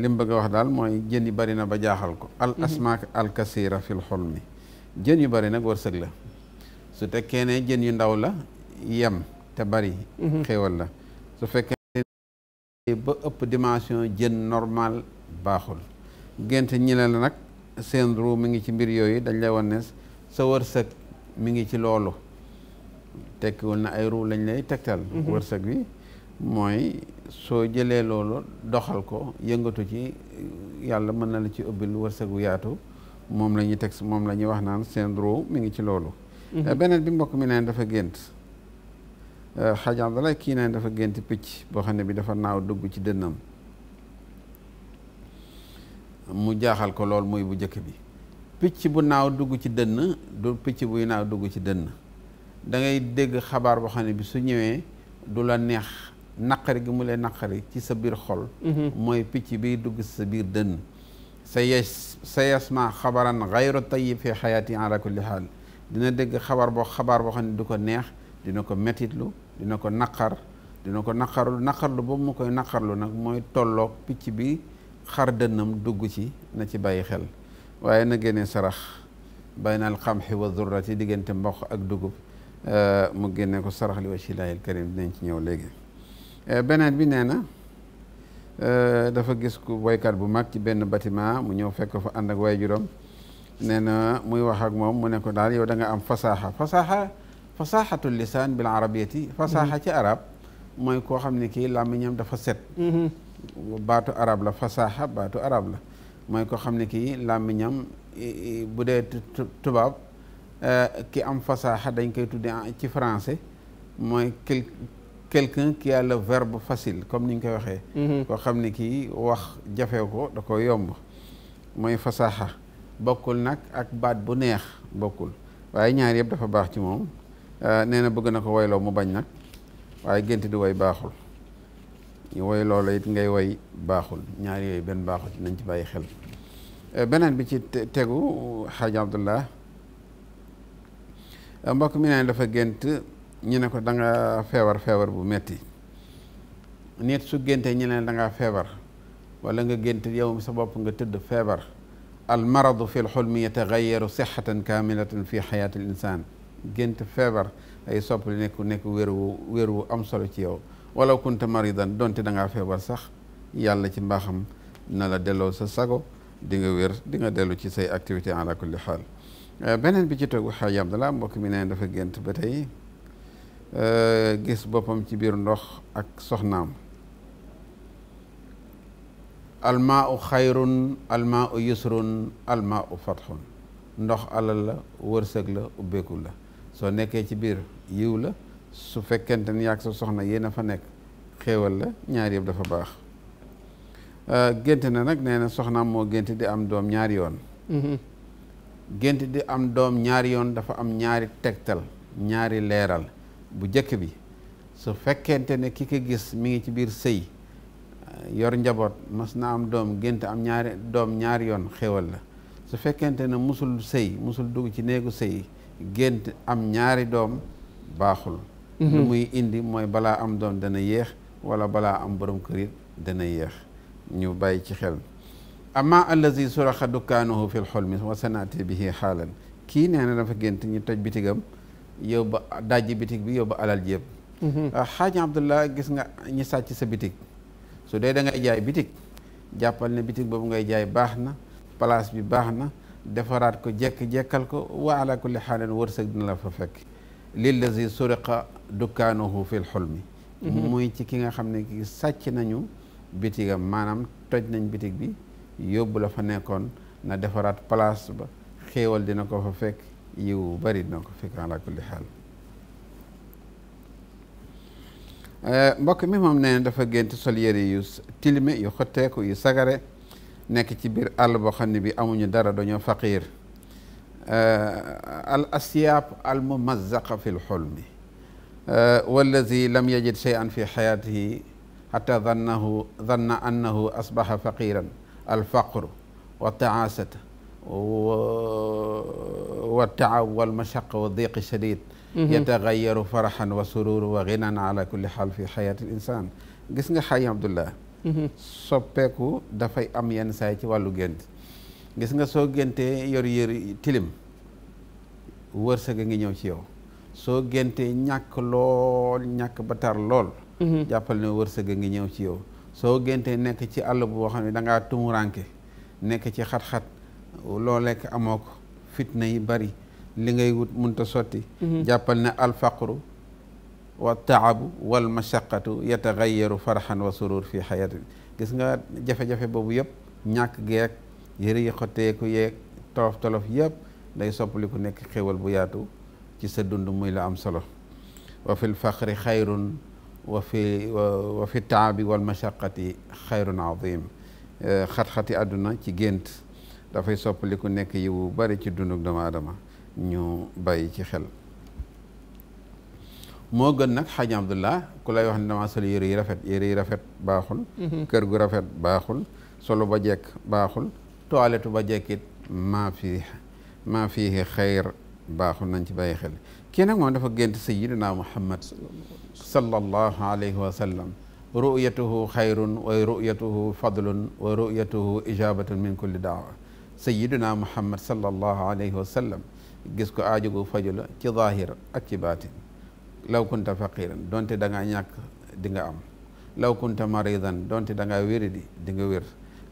li mu bëgg a wax daal mooy jën yu bari na ba jaaxal ko al mm-hmm. asmaak al kasira fil xulmi jën yu bari nag wërsëg la su tekkee ne jën yu ndaw la yem te bari mm-hmm. xéewal la su fekkee ba ëpp dimension jën normal baaxul gént ñi ne nag seen ru mi ngi ci mbir yooyu dañ lay wan ne sa wërsëg mi ngi ci loolu tekkiwul na ay ru lañ lay tegtal mhm. wërsëg bi mooy soo jëlee loolu doxal ko yëngatu ci yàlla mën na la ci ubbil wërsëgu yaatu moom la ñuy teg moom la ñuy wax naan seen ru mi ngi ci loolu mhm. eh, beneen bi mbokk mi neen dafa gént eh, xajaan dalay kii neen dafa gént picc boo xam ne bi dafa naaw dugg ci dënnam mu jaaxal ko lool mooy bu njëkk bi picc bu naaw dugg ci dënn du picc buy naaw dugg ci dënn dangay dégg xabaar boo xam ne bi su ñëwee du la neex naqari gi mu lay naqari ci sa biir xol mm-hmm. mooy picc biy dugg ci sa biir dënn sa yes sa yasma xabaran xayro tayyib fi xayaati ala kulli xaal dina dégg xabar boo xabaar boo xam ne du ko neex dina ko metitlu dina ko naqar dina ko naqarlu naqarlu boobu mu koy naqarlu nag mooy tolloog picc bi xar dënnam dugg ci na ci bàyyi xel waaye na génne sarax baynal xamxi wa durrati diggante mboq ak dugub eh, mu génne ko sarax li wajhi llaahil kariim dinañ ci ñëw léegi eh, beneen bi nee na eh, dafa gis ku boykat bu mag ci benn bâtiment mu ñëw fekk fa ànd ak waajuram nee na muy wax ak moom mu ne ko daal yow da nga am fasaaxa fasaaxa fasaaxatul lisaan bil arabiyati mm-hmm. fasaaxa ci arab mooy koo xam ne kii làmmiñam dafa set mm-hmm. baatu arab la fasaaxa baatu arab la mooy ko xam ne kii làmmiñam bu dee tubaab eh, ki am fasaaxa dañ koy tudde ci français mooy quel quelqu'un qui a le verbe facile comme ni ñu koy waxee mm-hmm. koo xam ne kii wax jafe ko da ko yomb mooy fasaaxa bokkul nag ak baat bu neex bokkul waaye ñaar yëpp dafa baax ci moom eh, nee na bëgg na ko wayloo mu bañ nag waaye gént di way baaxul woy loola it ngay woy baaxul ñaar yooyu benn baaxul nañ ci bàyyi xel eh, beneen bi ci tegu xaaja abdullah eh, mbokk mi ne dafa gént ñu ne ko danga feebar feebar bu metti nit su géntee ñu ne da feebar wala nga gént yow sa bopp nga tëdd feebar al maradu fi l xulmi yatagayaru sixatan kamilatan fi xayaati l insaan gént feebar ay soppali nekk nekk wér wu wér wu am solo ci yow wala kunta maridan donte da ngaa feebar sax yàlla ci mbaaxam na la delloo sa sago di nga wér di nga dellu ci say activité ala kulli xaal euh, beneen bi ci toogu xaaji Abdallah mbokk mi neen dafa gént ba tey euh, gis boppam ci biir ndox ak soxnaam almaau xayrun almaau yusrun almaau fatxun ndox alal la wërsëg la ubbeeku la soo nekkee ci biir yiw la su fekkente ni yaag sa soxna yéen a fa nekk xéewal la ñaar yëpp dafa baax euh, gént na nag nee na soxnaam moo gént di am doom ñaari yoon mm-hmm. gént di am doom ñaari yoon dafa am ñaari tegtal ñaari leeral bu jëkk bi su fekkente ne ki ko gis mi ngi ci biir sëy euh, yor njaboot mas na am doom gént am ñaari doom ñaari yoon xéewal la su fekkente ne musul sëy musul dugg ci néegu sëy gént am ñaari doom baaxul Mhm. lu muy indi mooy balaa am doom dana yéex wala balaa am borom kër it dana yéex ñu bàyyi ci xel amma allazi suraxa dukaanuhu fi lxolmi wa sanaati bihi xaalan kii nee na dafa gént ñu toj bitigam ba dajji bitig bi yow ba alal yëpp mhm. ah, xaaji abdullah gis nga ñi sàcc sa bitig su dee da jaay bitig jàppal ne bitig boobu ngay jaay baax na place bi baax na defaraat ko jekk jekkal ko wa ala kulli xaalin wërsëg dina la fa fekk lillazi suraqa dukkaanuhu fil xulmi mhm. muy ci ki nga xam ne ki sàcc nañu bitigam maanaam toj nañ bitig bi yóbbu la fa nekkoon na defaraat palaas ba xéewal dina ko fa fekk yiw bari dina ko fekk ala kulli xaal eh, mbokk mi moom nee dafa gént sol yére yu tilime yu yu sagare nekk ci biir àll boo xam ne bi amuñu dara dañoo faqiir eh, al asyaab al mumazzaqa fi xulmi wallazi lam yajid shay'an fi xayaatihi xata dannahu danna annahu asbaxa faqiran alfaqru wa taasata wa taab walmashaqa wa diq shadid yatagayaru faraxan wa surur wa ginan ala kulli xaal fi xayaati insan gis nga xayi abdullah soppeeku dafay am yenn saay ci wàllu gént gis nga soo géntee yor yër tilim wërsëg a ngi ñëw ci yow soo géntee ñàkk lool ñàkk ba tar lool mm-hmm. jàppal ne wërsëg a ngi ñëw ci yow soo géntee nekk ci àll boo xam ne danga ngaa tumuranke nekk ci xat-xat loo lekk amoo ko fitna yi bari li ngay wut munta sotti mm-hmm. jàppal na alfaquru wa taabu wal mashaqatu yataxayaru farxan wa surur fi xayatin gis nga jafe-jafe boobu yëpp ñàkk geek yëre yi xotteeku yeeg tolof tolof yëpp day soppali nekk xéwal bu yaatu ci sa dund muy la am solo wa fi lfaqri xayrun wa fi wa fi taabi wal xat-xati àdduna ci gént dafay soppaliku nekk yiwu bari ci dunduk doomu aadama ñu bay ci xel moo gën nag xaj abdullah ku lay wax ne dama sol yére yi rafet yëre yi rafet baaxul mm-hmm. kër gu rafet baaxul solo ba jekk baaxul toilette ba jekkit maa fii maa fii xayr baaxul nañ ci bàyyi xel kii nag moom dafa gént sayyidina muhammad sallallahu alayhi wa sallam ru'yatuhu xayrun wa ru'yatuhu fadlun wa ru'yatuhu ijabatun min kulli daawa sayyidina muhammad sallallahu alayhi wa sallam gis ko aajugu faju la ci zaahir ak ci baatin law kunta faqiran donte da ngaa ñàkk di nga am law kunta maridan donte da ngaa wéridi di nga wér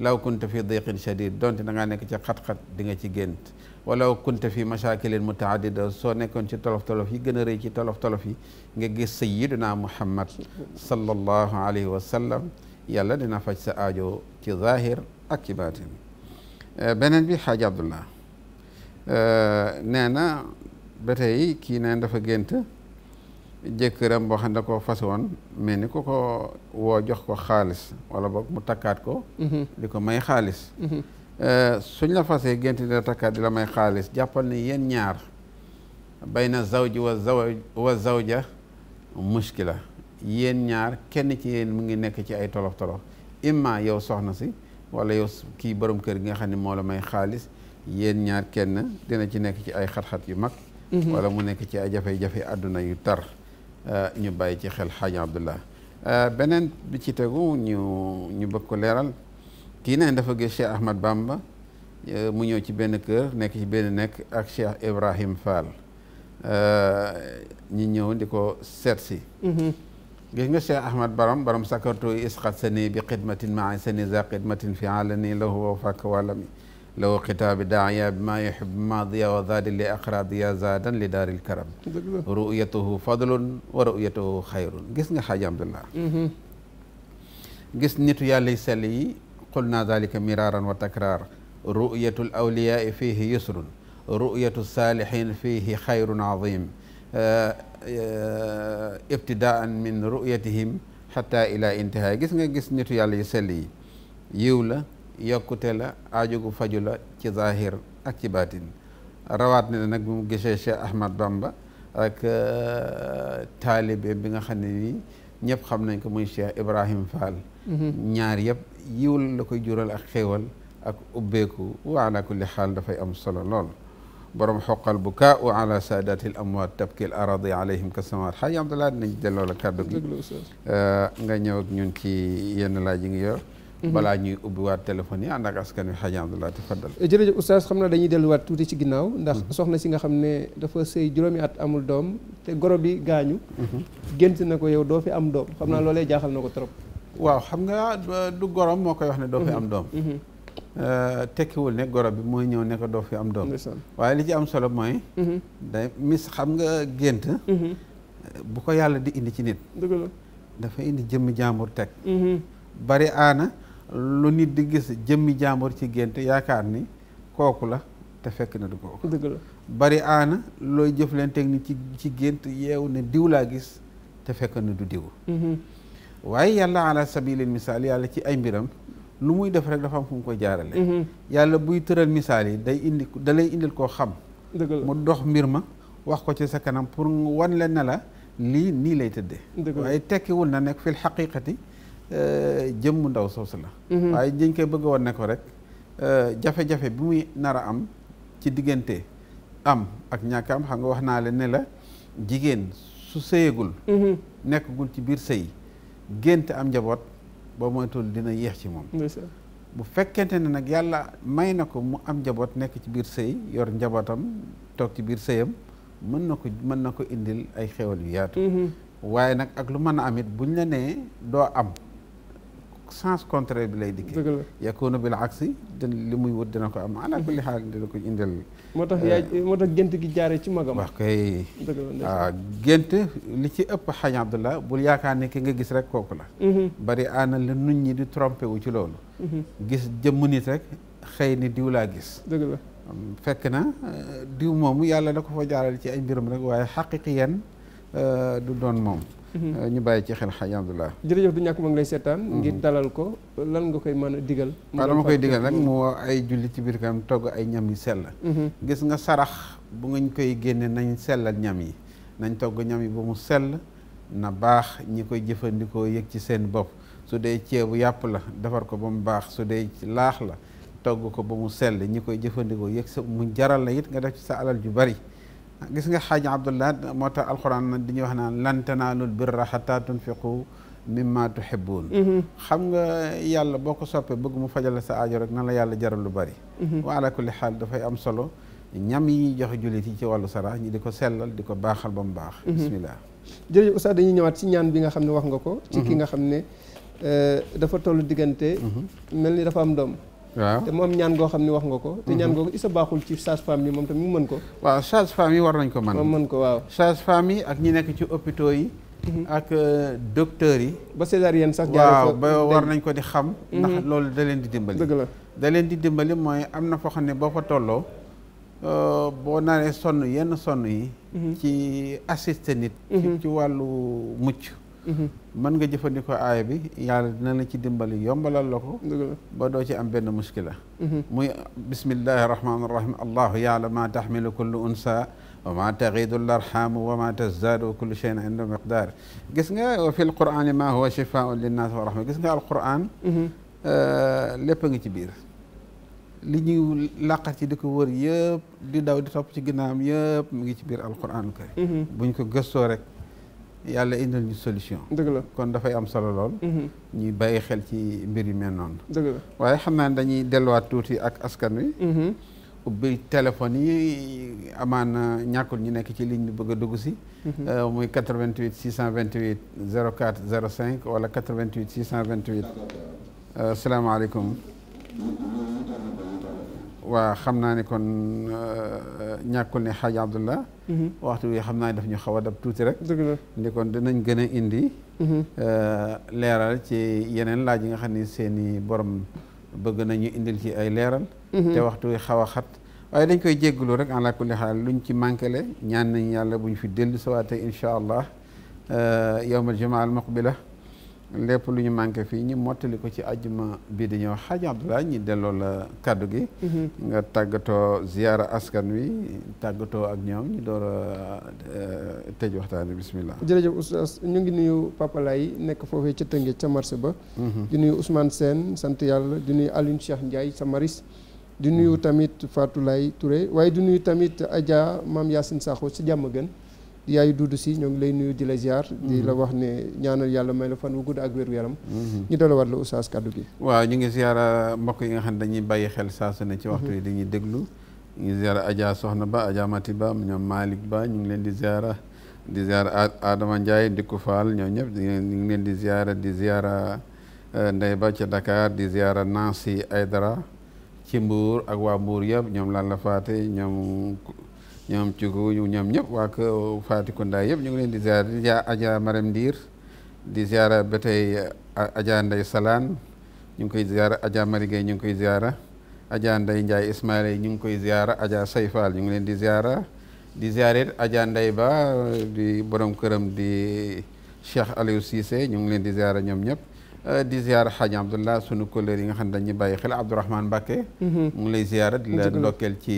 law kunta fi diqin shadid donte da ngaa nekk ci xat-xat di nga ci gént walaw kunte fi machakilin mutaadida soo nekkoon ci tolof tolof yi gën a rëy ci tolof tolof yi nga gis sayiduna muhammad sallallahu alayhi wa sallam yàlla dina faj sa ajo ci zahir ak ci baatin eh, beneen bi xaaja abdullah eh, nee na ba tey kii neen dafa gént jëkkëram boo xam ne ko fas woon mel ni ku ko woo jox ko xaalis wala boog mu takkaat ko mm-hmm. di ko may xaalis mm-hmm. Euh, suñ la fasee gént di la di la may xaalis jàppal ni yéen ñaar bayna zawji wa zaw wa zawja mushkila yéen ñaar kenn ci yéen mu ngi nekk ci ay tolof tolof imma yow soxna si wala yow kii boroom kër gi nga xam ne moo la may xaalis yéen ñaar kenn dina ci nekk ci ay xat-xat yu mag mhm. wala mu nekk ci ay jafe-jafe àdduna yu tar euh, ñu bàyyi ci xel xaaja abdullah euh, beneen bi ci tegu ñu ñu bëgg ko leeral kii neen dafa gis Cheikh Ahmad Bamba e, mu ñëw ci benn kër nekk ci benn nekk ak Cheikh Ibrahim Fall e, ñi ñëw di ko seet si mhm. gis nga Cheikh Ahmad Baram Baram sakartu isqat sa bi xidmatin maa sani za xidmatin fi alani lahu wa fakk wàllami lahu xitaabi daaya bi maa yuhib maadiya wa zaadi li aqradiya zaadan li daaril karam ru'yatuhu fadlun wa ru'yatuhu xayrun gis nga xaaja Abdullah mhm. gis nitu yàlla yi sell qulna dalika miraran wa takraar ru'yatu al-awliyaai fiihi yusrun ru'yatu saalihin fiihi xayrun azim ibtidaan min ru'yatihim xataa ila intihaa gis nga gis nitu yàlla yu sell yi yiw la yokkute la aajugu faju la ci zahir ak ci baatin rawaat ne nag bu mu gisee Cheikh Ahmad Bamba ak taalibe bi nga xam ne nii ñëpp xam nañ ko muy Cheikh Ibrahim Fall mm-hmm. ñaar yëpp yiwul la koy jural ak xéewal ak ubbeeku wa ala kulli xaal dafay am solo lool borom xoqal bu kaa u ala saadatil amwaat tabkil aradi alayhim kasamaat xaaj Abdallah dinañ delloo la kàddu gi euh, nga ñëw ak ñun ci yenn laaj yi ngi yor Mhm. balaa ñuy ubbiwaat téléphone yi ànd ak askan wi xaja Abdoulaye tafaddal jërëjëf oustaz xam naa dañuy delluwaat tuuti ci ginnaaw ndax mhm. soxna si nga xam ne dafa sëy juróomi at amul doom te goro bi gaañu mhm. gént na ko yow doo fi am doom xam naa loolee jaaxal na ko trop waaw xam nga du gorom moo koy wax ne doo fi am doom euh, tekkiwul ne goro bi mooy ñëw ne doo fi am doom waaye li ci am solo mooy day mis xam nga gént bu ko yàlla di indi ci nit dëgg dafa indi jëmm jaambur teg bari aana lu nit di gis jëmmi jàmbur ci gént yaakaar ni kooku la te fekk na du kooku dëgg bari aana looy jëflanteeg nit ci ci gént yeew ne diw laa gis te fekk na du diw mm-hmm. waaye yàlla ala sabilil misaal yàlla ci ay mbiram lu muy def rek dafa am fu mu koy jaarale mm-hmm. yàlla buy tëral misaal yi day indi da indil koo xam dëgg la mu dox mbir ma wax ko ci sa kanam pour wan leen ne la lii nii lay tëddee waaye tekkiwul na nekk fil xaqiqati Euh, jëmm ndaw soosu la mhm. waaye dañ koy bëgg woon ne ko rek euh, jafe-jafe bi muy nar a am ci diggante am ak ñàkk am xam nga wax naa leen ne la jigéen su sëyagul mhm. nekkagul ci biir sëy génte am njaboot ba moytul dina yéex ci moom bu fekkente ne nag yàlla may na ko mu am njaboot nekk ci biir sëy yor njabootam toog ci biir sëyam mën na ko mën na ko indil ay xéwal yu yaatu mhm. waaye nag ak lu mën a am it buñ la nee doo am sens contraire bi lay dikkee. dëgg la yakuna bil aksi li muy wut dina ko am ala kulli xaal dina ko indil. moo tax yaay euh, gént gi jaaree ci magam. wax kay ah, gént li ci ëpp xañ Abdullah bul yaakaar ni ki nga gis rek kooku la. Mm-hmm. bari aana la nit ñi di trompé wu ci loolu. Mm-hmm. gis jëmm nit rek xëy ni diw laa gis. dëgg la um, fekk na euh, diw moomu yàlla da ko fa jaaral ci ay mbiram rek waaye xaqiqiyan euh, du doon moom. Mhm. Euh, ñu bàyyi ci xel xaj Abdoulaye jërëjëf du ñàkk ma ngi lay seetaan mhm. ngir dalal ko lan nga koy mën a digal waaw dama koy digal rek mu ay julli ci biir mu togg ay ñam yu sell mhm. gis nga sarax bu ngañ koy génnee nañ sellal ñam yi nañ togg ñam yi ba mu sell na baax ñi koy jëfandikoo yëg ci seen bopp su dee ceebu yàpp la defar ko ba mu baax su dee laax la togg ko ba mu sell ñi koy jëfandikoo yëg sa mu jaral la it nga def ci sa alal yu bari gis nga xaaji abdullah moo tax alxuraan di ñuy wax naan lan tanaalul birra xataa tunfiqu mimma tuhibbuun mhm. xam nga yàlla boo ko soppee bëgg mu fajal sa aajo rek na la yàlla jaral lu bari mhm. wa ala kulli xaal dafay am solo ñam yi jox jullit yi ci wàllu sarax ñi di ko sellal di ko baaxal ba mu baax mhm. bismillah jërëjëf oustaz dañuy ñëwaat ci ñaan bi nga xam ne wax nga ko ci ki nga xam ne euh, dafa tollu diggante mel ni dafa am doom waaw te mu am ñaan goo xam ne wax nga ko te ñaan mhm. goo ko isa baaxul ci sage-femme yi moom tamit mu mën ko waaw sage-femme yi war nañ ko mën moom ko waaw sage-femme ak ñu nekk ci hôpitaux yi mhm. ak euh, docteurs yi ba césarienne sax waaw ba war nañ ko di xam mhm. ndax loolu da leen di dimbali dëgg da leen di dimbali mooy am na foo xam ne boo fa tolloo euh, boo naree sonn yenn sonn yi ci assister nit ci wàllu mucc man nga jëfandikoo aaya bi yàlla dina la ci dimbali yombalal la ko ba doo ci am benn muskila mhm. muy bismillahi rahmaani rahim ma taxmilu kullu unsa wa ma taxiidu larxaamu wa ma tazdaadu kullu cheyin inda miqdaar gis nga wa fi lqurani ma huwa shifaun linnaas wa rahma gis nga alquran mhm. euh, lépp a ngi ci biir di ko wër yëpp di daw di topp ci ginnaawam mu ngi ci biir alquran kay mhm. buñ ko gëstoo rek yàlla indil ñu solution. dëgg la kon dafay am solo lool. Mhm. ñuy bàyyi xel ci mbir yu mel noonu. dëgg la waaye xam naa dañuy delluwaat tuuti ak askan wi. Mhm. ubbi téléphone yi amaana ñàkkul ñu nekk ci ligne bi bëgg a dugg si. Mhm. Euh, muy 88 628 04 05 wala 88 628. salaamaaleykum. waa xam naa ne kon euh, ñàkkul ne xaaj Abdullah mm-hmm. waxtu bi xam naa ne daf ñu xaw a dab tuuti rek ndi kon dinañ gën a indi mm-hmm. euh, leeral ci yeneen laaj yi nga xam ni seeni borom bëgg nañu indil ci ay leeral mm-hmm. te waxtu wi xaw a xat waaye dañ koy jégglu rek en la kulli xaal luñ ci manquele ñaan nañ yàlla buñ fi dellu sawaate incha allah euh, yowmal jumaa al muqbila lépp lu ñu manqué fii ñu mottali ko ci ajuma bii di ñëw xaj Abdoulaye ñi delloo la kaddu gi mm-hmm. nga tàggatoo ziyaara askan wi tàggatoo ak ñoom ñu door a euh, tëj waxtaan bi bismillah jërëjëf oustaz ñu ngi nuyu Papa Laye nekk foofee ca Tëngéej ca marché ba mm-hmm. di nuyu Ousmane Sène sant yàlla di nuyu Alioune Cheikh Ndiaye sa maris di nuyu mm-hmm. tamit Fatou Laye waaye di nuyu tamit Adja Mame Yacine Sakho si jàmm gën yaayu Doudou Sy ñoo ngi lay nuyu di la ziar. Mm-hmm. di la wax ne ñaanal yàlla may la fan wu gudd ak wér-gu-yaram. Mm-hmm. ñu dalawaat la oustaz kaddu gi. waaw ñu ngi ziar mbokk yi nga xam ne dañuy bàyyi xel saa ne ci waxtu yi mm-hmm. dañuy déglu. ñu ngi ziar Adja Soxna Ba Adja Mati Ba ñoom Malick Ba ñu ngi leen di ziar di ziar Adama Ndiaye Dikku Fall ñoo ñëpp ñu ngi leen di ziar di ziar euh, Ndeye Ba Dakar di ziar Nancy Aydara ci Mbour ak waa Mbour yëpp ñoom lan la faate ñoom ñoom Cugu ñoom ñëpp waa ko Fatikunda yëpp ñu ngi leen di ziar di ziar Adja Marème Ndiir di ziara ba tey Adja Ndeye Salaan ñu ngi koy ziara Adja Mari ñu ngi koy ziara Adja Ndeye Ndiaye Ismaila ñu ngi koy ziara Adja Sayfal ñu ngi leen di ziara di ziaret Adja Ndeye Ba di borom këram di Cheikh Aliou Cissé ñu ngi leen di ziara ñoom ñëpp Euh, di ziar xaaji Abdullah sunu collègue yi nga xam ne dañuy bàyyi xel Abdourahmane Mbacke. Mhm. mu ngi lay ziara di la ndokkeel ci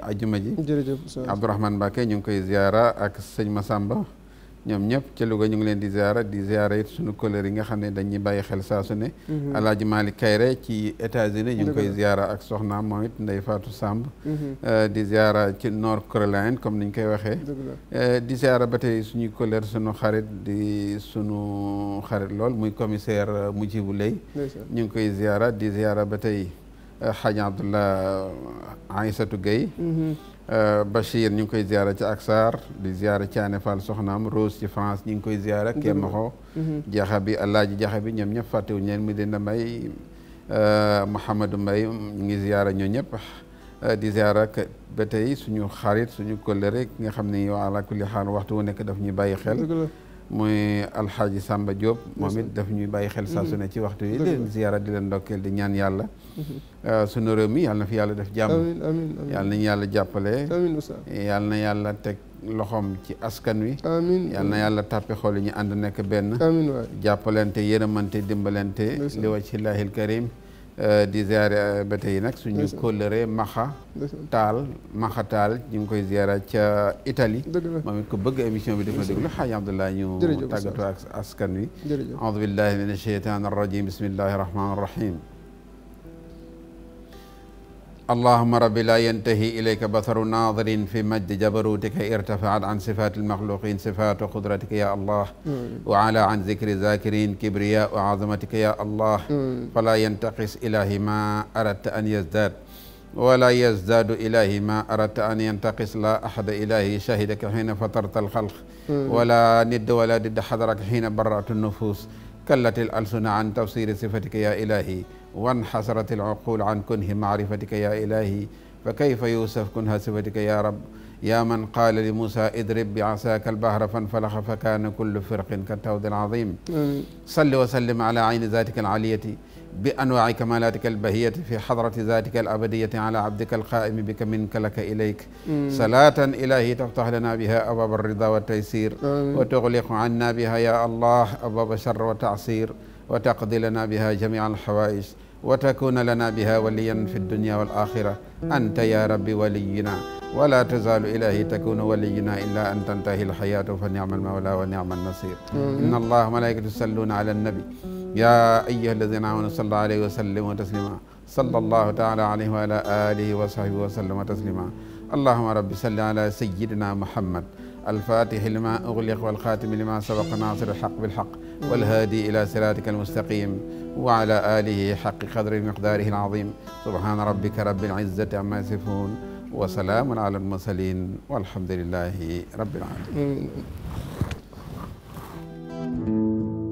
ajuma ji. jërëjëf Abdourahmane Mbacke ñu ngi koy ziara ak sëñ samba ñoom ñëpp ci Louga ñu ngi leen di ziara di ziara it suñu collègue yi nga xam ne dañuy bàyyi xel saa ne mm-hmm. alaaji maali Kayre ci États-Unis ñu ngi koy ziara ak soxna moom it Ndeye Fatou Samb mm-hmm. euh, di ziara ci North Carolina comme niñ koy waxee euh, di ziara ba tey suñuy collègue sunu xarit di suñu xarit lool muy commissaire euh, Mujibou Lay ñu ngi koy ziara di ziara ba tey Hadj Abdoulah Aïssatou Gueye mm-hmm. Euh, Bachir ñu ngi koy ziara ci Aksar di ci Thiané Fall soxnaam Rose ci France ñu ngi koy ziara Kéemaxo mhm. jaxa bi Alaaji jaxa bi ñoom ñëpp fàttewu ñeen mu dina may euh, Mouhamadou Mbaye ñu ngi ziara ñoo ñëpp euh, di ziara ba tey suñu xarit suñu collègue nga xam ne yow ala kulli xaal waxtu wu nekk daf ñu bàyyi xel muy alxaaji Samba Diop moom it daf ñuy bàyyi xel saa mm-hmm. ci waxtu wi di leen ziyaara di leen ndokkeel di ñaan yàlla mm-hmm. euh, su réew mi yàlla fi yàlla def jàmm yàlla nañu yàlla jàppale yàlla na yàlla teg loxoom ci askan wi amiin na yàlla tàppi xool yi ñu ànd nekk benn amiin waay jàppalante yërëmante dimbalante li wajhillahil karim Euh, di ziare euh, ba tey nag suñu kóllëre maxa taal maxa taal ñu ngi koy ziara ca Italie moom it ku bëgg émission bi def na déglu xaaji Abdullah ñu tàggatoo ak askan wi aoudu billahi min alsheytan arrajim bismillahi rahmani rahim اللهم رب لا ينتهي إليك بصر ناظر في مجد جبروتك ارتفعت عن صفات المخلوقين صفات قدرتك يا الله وعلى عن ذكر ذاكرين كبرياء عظمتك يا الله فلا ينتقص إلهي ما أردت أن يزداد ولا يزداد إلهي ما أردت أن ينتقص لا أحد إلهي شهدك حين فطرت الخلق ولا ند ولا ضد حضرك حين برأت النفوس kallatil alsuna an tafsiri sifatika ya ilahi wan xasaratil uqul an kunhi maarifatika ya ilahi fa kayfa yusaf kunha sifatika ya rab ya man qaala li musa idrib bi asaaka albahra fanfalaxa fa kaana kullu firqin ka tawdil azim salli wa sallim ala ayni zatika alaliyati bi anwaai kamalatika albahiyati fi xadrati zatika alabadiyati ala abdika alqaimi bika minka laka ilayk hmm. salatan ilahi taftax lana biha ababa alrida waltaysir wa tuxliqu anna biha ya allah ababa shar wa tacsir wa taqdi lana biha jamia alxawais wa takuna lana biha waliyan fi dunya wal axira anta ya rabbi waliyina wala tazalu ilahi takunu waliyina illa an tantahi alxayatu fa nicma almawla wa nicma alnasir inna allaha malaikatu yusalluna ala annabi ya ayuha alladina amanu sallu alayhi wa sallimu taslima salla allahu taala alayhi wa ala alihi wa sahbihi wa sallama taslima allahuma rabbi salli ala sayidina muhammad الفاتح لما أغلق والخاتم لما سبق ناصر الحق بالحق والهادي إلى صراطك المستقيم وعلى آله حق قدر مقداره العظيم سبحان ربك رب العزة عما يصفون وسلام على المرسلين والحمد لله رب العالمين